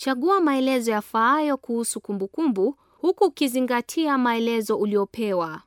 Chagua maelezo yafaayo kuhusu kumbukumbu huku ukizingatia maelezo uliopewa.